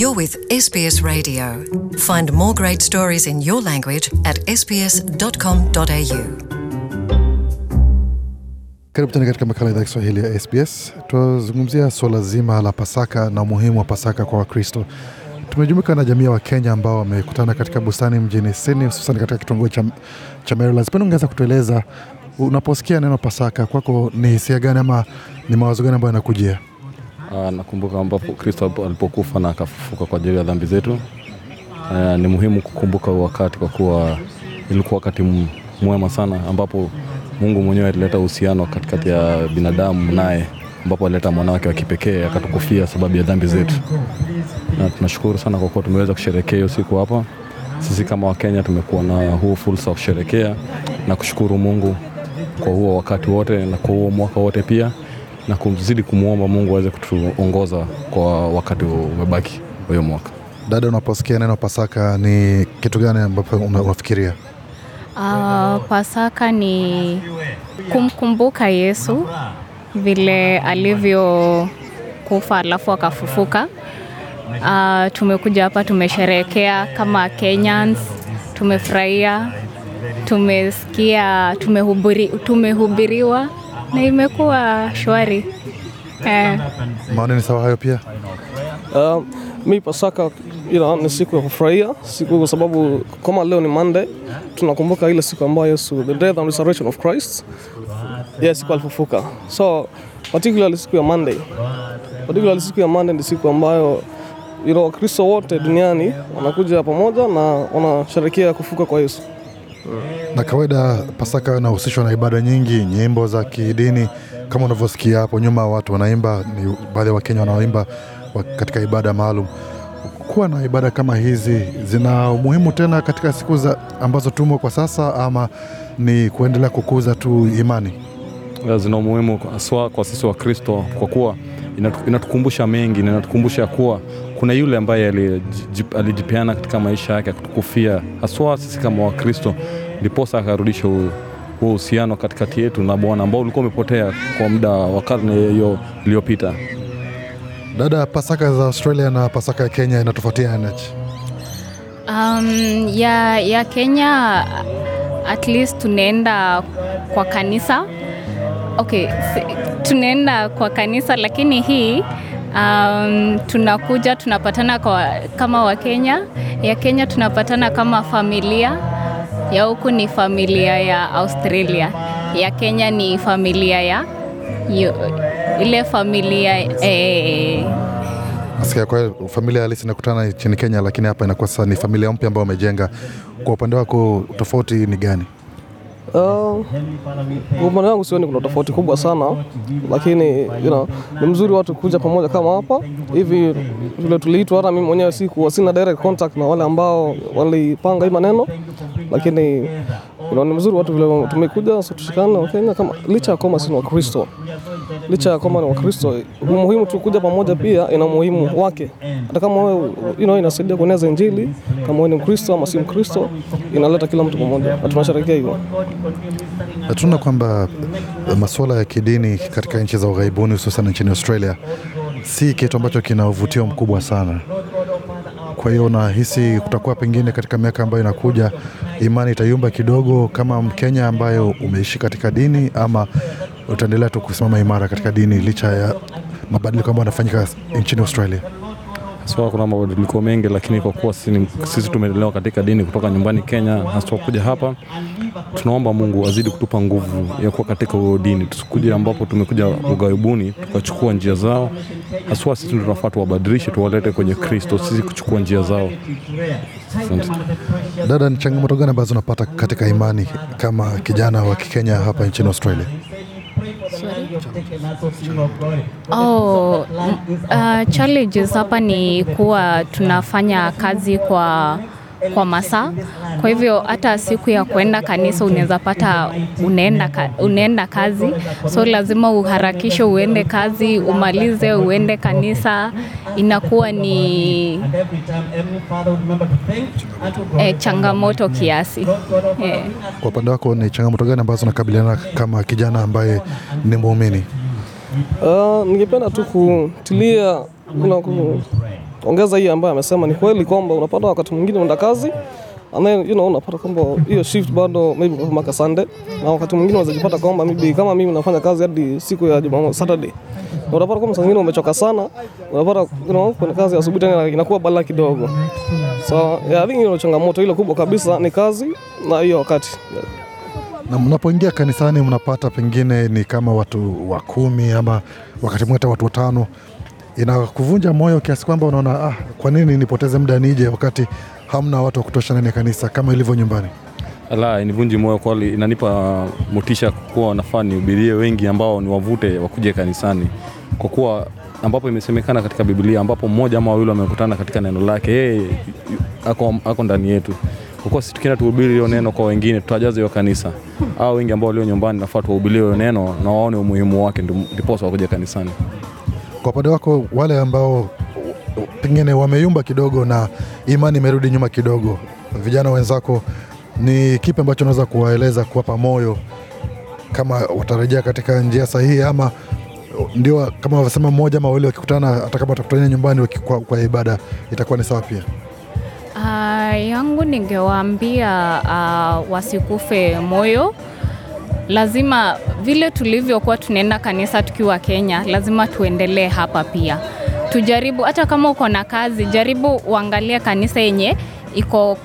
You're with SBS Radio. Find more great stories in your language at sbs.com.au. Karibu tena katika makala idhaa ya Kiswahili ya SBS. Tunazungumzia suala zima la Pasaka na umuhimu wa Pasaka kwa Wakristo. Tumejumuika na jamii ya Wakenya ambao wamekutana katika bustani mjini Sydney, hususan katika kitongoji cha, cha Marylands. Penda ungeweza kutueleza unaposikia neno Pasaka kwako ni hisia gani ama ni mawazo gani ambayo yanakujia? Ah, nakumbuka ambapo Kristo alipokufa na akafufuka kwa ajili ya dhambi zetu. Uh, ni muhimu kukumbuka wakati kwa kuwa ilikuwa wakati mwema sana ambapo Mungu mwenyewe alileta uhusiano katikati ya binadamu naye, ambapo alileta mwanawake wa kipekee akatukufia sababu ya dhambi zetu, na tunashukuru sana kwa kuwa tumeweza kusherehekea hiyo siku hapa. Sisi kama Wakenya tumekuwa na huu fursa wa kusherehekea na kushukuru Mungu kwa huo wakati wote na kwa huo mwaka wote pia na kuzidi kumwomba Mungu aweze kutuongoza kwa wakati umebaki huyo mwaka. Dada, unaposikia neno Pasaka ni kitu gani ambapo unafikiria? Uh, Pasaka ni kumkumbuka Yesu vile alivyokufa alafu akafufuka. Uh, tumekuja hapa tumesherehekea kama Kenyans, tumefurahia, tumesikia, tumehubiri, tumehubiriwa na imekuwa shwari eh. eh. Maoni ni sawa hayo pia. Uh, mi Pasaka ila ni siku ya kufurahia siku, kwa sababu kama leo ni Monday, tunakumbuka ile siku ambayo Yesu, the death and resurrection of Christ, yes, siku alifufuka. So particularly siku ya Monday, particularly siku ya Monday ni siku ambayo you know, Wakristo wote duniani wanakuja pamoja na wanasherekea kufuka kwa Yesu. Na kawaida Pasaka inahusishwa na ibada nyingi, nyimbo za kidini kama unavyosikia hapo nyuma, watu wanaimba, ni baadhi ya Wakenya wanaoimba katika ibada maalum. Kuwa na ibada kama hizi zina umuhimu tena katika siku za ambazo tumo kwa sasa, ama ni kuendelea kukuza tu imani? zina umuhimu haswa kwa sisi wa Kristo kwa kuwa inatukumbusha mengi na inatukumbusha kuwa kuna yule ambaye alijipeana katika maisha yake kutukufia haswa sisi kama Wakristo, ndiposa akarudisha huo uhusiano katikati yetu na Bwana ambao ulikuwa umepotea kwa muda wa karne iliyopita. Dada, Pasaka za Australia na Pasaka ya Kenya inatofautianaje? Um, ya, ya Kenya at least tunaenda kwa kanisa okay, tunaenda kwa kanisa lakini hii um, tunakuja tunapatana kwa, kama Wakenya ya Kenya tunapatana kama familia ya huku ni familia ya Australia, ya Kenya ni familia ya yu, ile familia eh, kwa familia halisi inakutana nchini Kenya, lakini hapa inakuwa sasa ni familia mpya ambayo wamejenga. Kwa upande wako tofauti ni gani? Upande wangu sioni kuna tofauti kubwa sana, lakini you know, ni mzuri watu kuja pamoja kama hapa hivi vile tuliitwa. Hata mimi mwenyewe sikuwa sina direct contact na wale ambao walipanga hii maneno, lakini you know, ni mzuri watu vile tumekuja, so tushikane Wakenya kama licha ya kwamba sina Wakristo licha ya kwamba ni Wakristo, muhimu tu kuja pamoja, pia ina umuhimu wake. Hata kama wewe you know, inasaidia kueneza Injili, kama wewe ni Mkristo ama si Mkristo, inaleta kila mtu pamoja, na tunasherehekea hivyo. Tunaona kwamba eh, masuala ya kidini katika nchi za ughaibuni, hususan nchini Australia, si kitu ambacho kina uvutio mkubwa sana. Kwa hiyo nahisi kutakuwa pengine katika miaka ambayo inakuja imani itayumba kidogo, kama Mkenya ambayo umeishi katika dini ama utaendelea tu kusimama imara katika dini licha ya mabadiliko ambayo anafanyika nchini Australia? Haswa kuna mabadiliko mengi, lakini kwa kuwa sisi tumeendelewa katika dini kutoka nyumbani Kenya, haswa kuja hapa, tunaomba Mungu azidi kutupa nguvu ya kuwa katika huyo dini, tusikuja ambapo tumekuja ughaibuni tukachukua njia zao. Haswa sisi tunafaa tuwabadilishe, tuwalete kwenye Kristo, sisi kuchukua njia zao. Dada, ni changamoto gani ambazo unapata katika imani kama kijana wa Kikenya hapa nchini Australia? Oh, uh, challenges hapa ni kuwa tunafanya kazi kwa kwa masaa. Kwa hivyo hata siku ya kuenda kanisa unaweza pata unaenda, ka, unaenda kazi, so lazima uharakishe uende kazi, umalize uende kanisa. Inakuwa ni eh, changamoto kiasi eh. Kwa upande wako ni changamoto gani ambazo nakabiliana kama kijana ambaye ni muumini? Uh, ningependa tu kutilia ongeza hii ambayo amesema ni kweli kwamba unapata wakati mwingine unaenda kazi and then you know unapata kwamba hiyo shift bado maybe kwa maka Sunday, na wakati mwingine unaweza jipata kwamba maybe kama mimi nafanya kazi hadi siku ya Jumamosi Saturday, na unapata kwamba saa nyingine umechoka sana, unapata you know kuna kazi asubuhi tena inakuwa bala kidogo. So yeah, I think hiyo changamoto ile kubwa kabisa ni kazi na hiyo wakati yeah. Na mnapoingia kanisani mnapata pengine ni kama watu wa kumi ama wakati mwingine watu watano inakuvunja moyo kiasi kwamba unaona ah, kwa nini nipoteze muda nije wakati hamna watu wa kutosha ndani ya kanisa kama ilivyo nyumbani? La, inivunji moyo kwali, inanipa motisha kuwa nafaa nihubirie wengi ambao niwavute wakuje kanisani, kwa kuwa ambapo imesemekana katika Biblia, ambapo mmoja ama wawili wamekutana katika neno lake, yeye ako, ako ndani yetu. Kwa kuwa sisi tukienda tuhubiri hiyo neno kwa wengine, tutajaza hiyo kanisa. Hao wengi ambao walio nyumbani, nafaa tuwahubirie hiyo neno na waone umuhimu wake, ndiposa wakuja kanisani. Kwa upande wako, wale ambao pengine wameyumba kidogo na imani imerudi nyuma kidogo, vijana wenzako, ni kipi ambacho unaweza kuwaeleza, kuwapa moyo kama watarejea katika njia sahihi, ama ndio kama wanasema mmoja ama wawili wakikutana, hata kama watakutania nyumbani kwa, kwa ibada itakuwa ni sawa pia? Uh, yangu ningewaambia uh, wasikufe moyo lazima vile tulivyokuwa tunaenda kanisa tukiwa Kenya, lazima tuendelee hapa pia. Tujaribu hata kama uko na kazi, jaribu uangalie kanisa yenye iko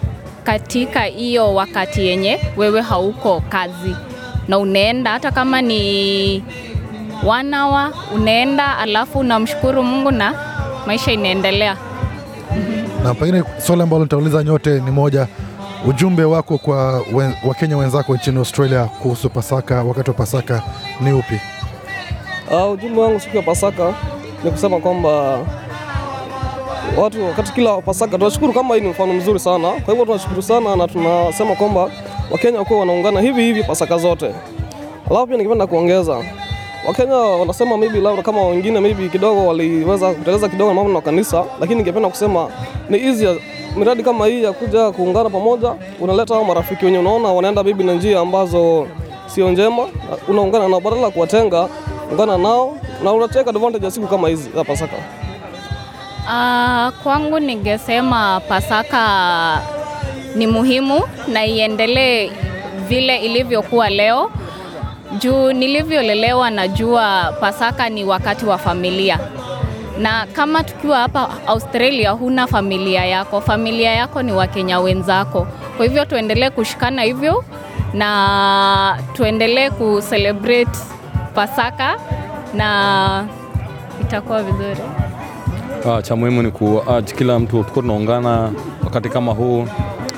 katika hiyo wakati yenye wewe hauko kazi, na unaenda hata kama ni wanawa unaenda alafu unamshukuru Mungu na maisha inaendelea. Na pengine swali ambalo nitauliza nyote ni moja Ujumbe wako kwa wen, Wakenya wenzako nchini Australia kuhusu Pasaka, wakati wa Pasaka ni upi? Uh, ujumbe wangu siku ya Pasaka ni kusema kwamba watu wakati kila Pasaka tunashukuru, kama hii ni mfano mzuri sana. Kwa hivyo tunashukuru sana na tunasema kwamba Wakenya wako wanaungana hivi hivi Pasaka zote. Alafu pia ningependa kuongeza Wakenya wanasema maybe labda kama wengine maybe kidogo waliweza kuteleza kidogo mambo na kanisa, lakini ningependa kusema ni easier miradi kama hii ya kuja kuungana pamoja, unaleta hao marafiki wenye unaona wanaenda bibi na njia ambazo sio njema, unaungana nao badala kuwatenga, ungana nao na unateka advantage ya siku kama hizi za Pasaka. Uh, kwangu ningesema Pasaka ni muhimu na iendelee vile ilivyokuwa leo. Juu nilivyolelewa najua Pasaka ni wakati wa familia na kama tukiwa hapa Australia huna familia yako, familia yako ni Wakenya wenzako. Kwa hivyo tuendelee kushikana hivyo na tuendelee kucelebrate Pasaka na itakuwa vizuri. Ah, cha muhimu ni ku ah, kila mtu tuko tunaungana wakati kama huu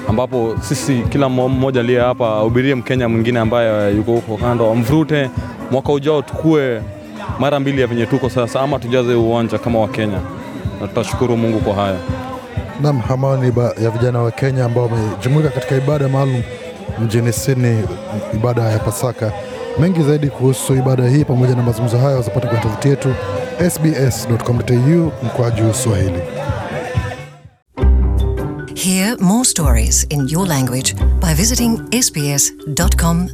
ambapo sisi kila mmoja aliye hapa ahubirie Mkenya mwingine ambaye yuko huko kando, amvrute mwaka ujao tukue mara mbili ya venye tuko sasa, ama tujaze uwanja kama wa Kenya, na tutashukuru Mungu kwa haya. Naam, hamani ya vijana wa Kenya ambao wamejumuika katika ibada maalum mjini Sydney, ibada ya Pasaka. Mengi zaidi kuhusu ibada hii pamoja na mazungumzo haya wazapata kwenye tovuti yetu sbs.com.au mkwaju Swahili. Hear more stories in your language by visiting sbs.com.au.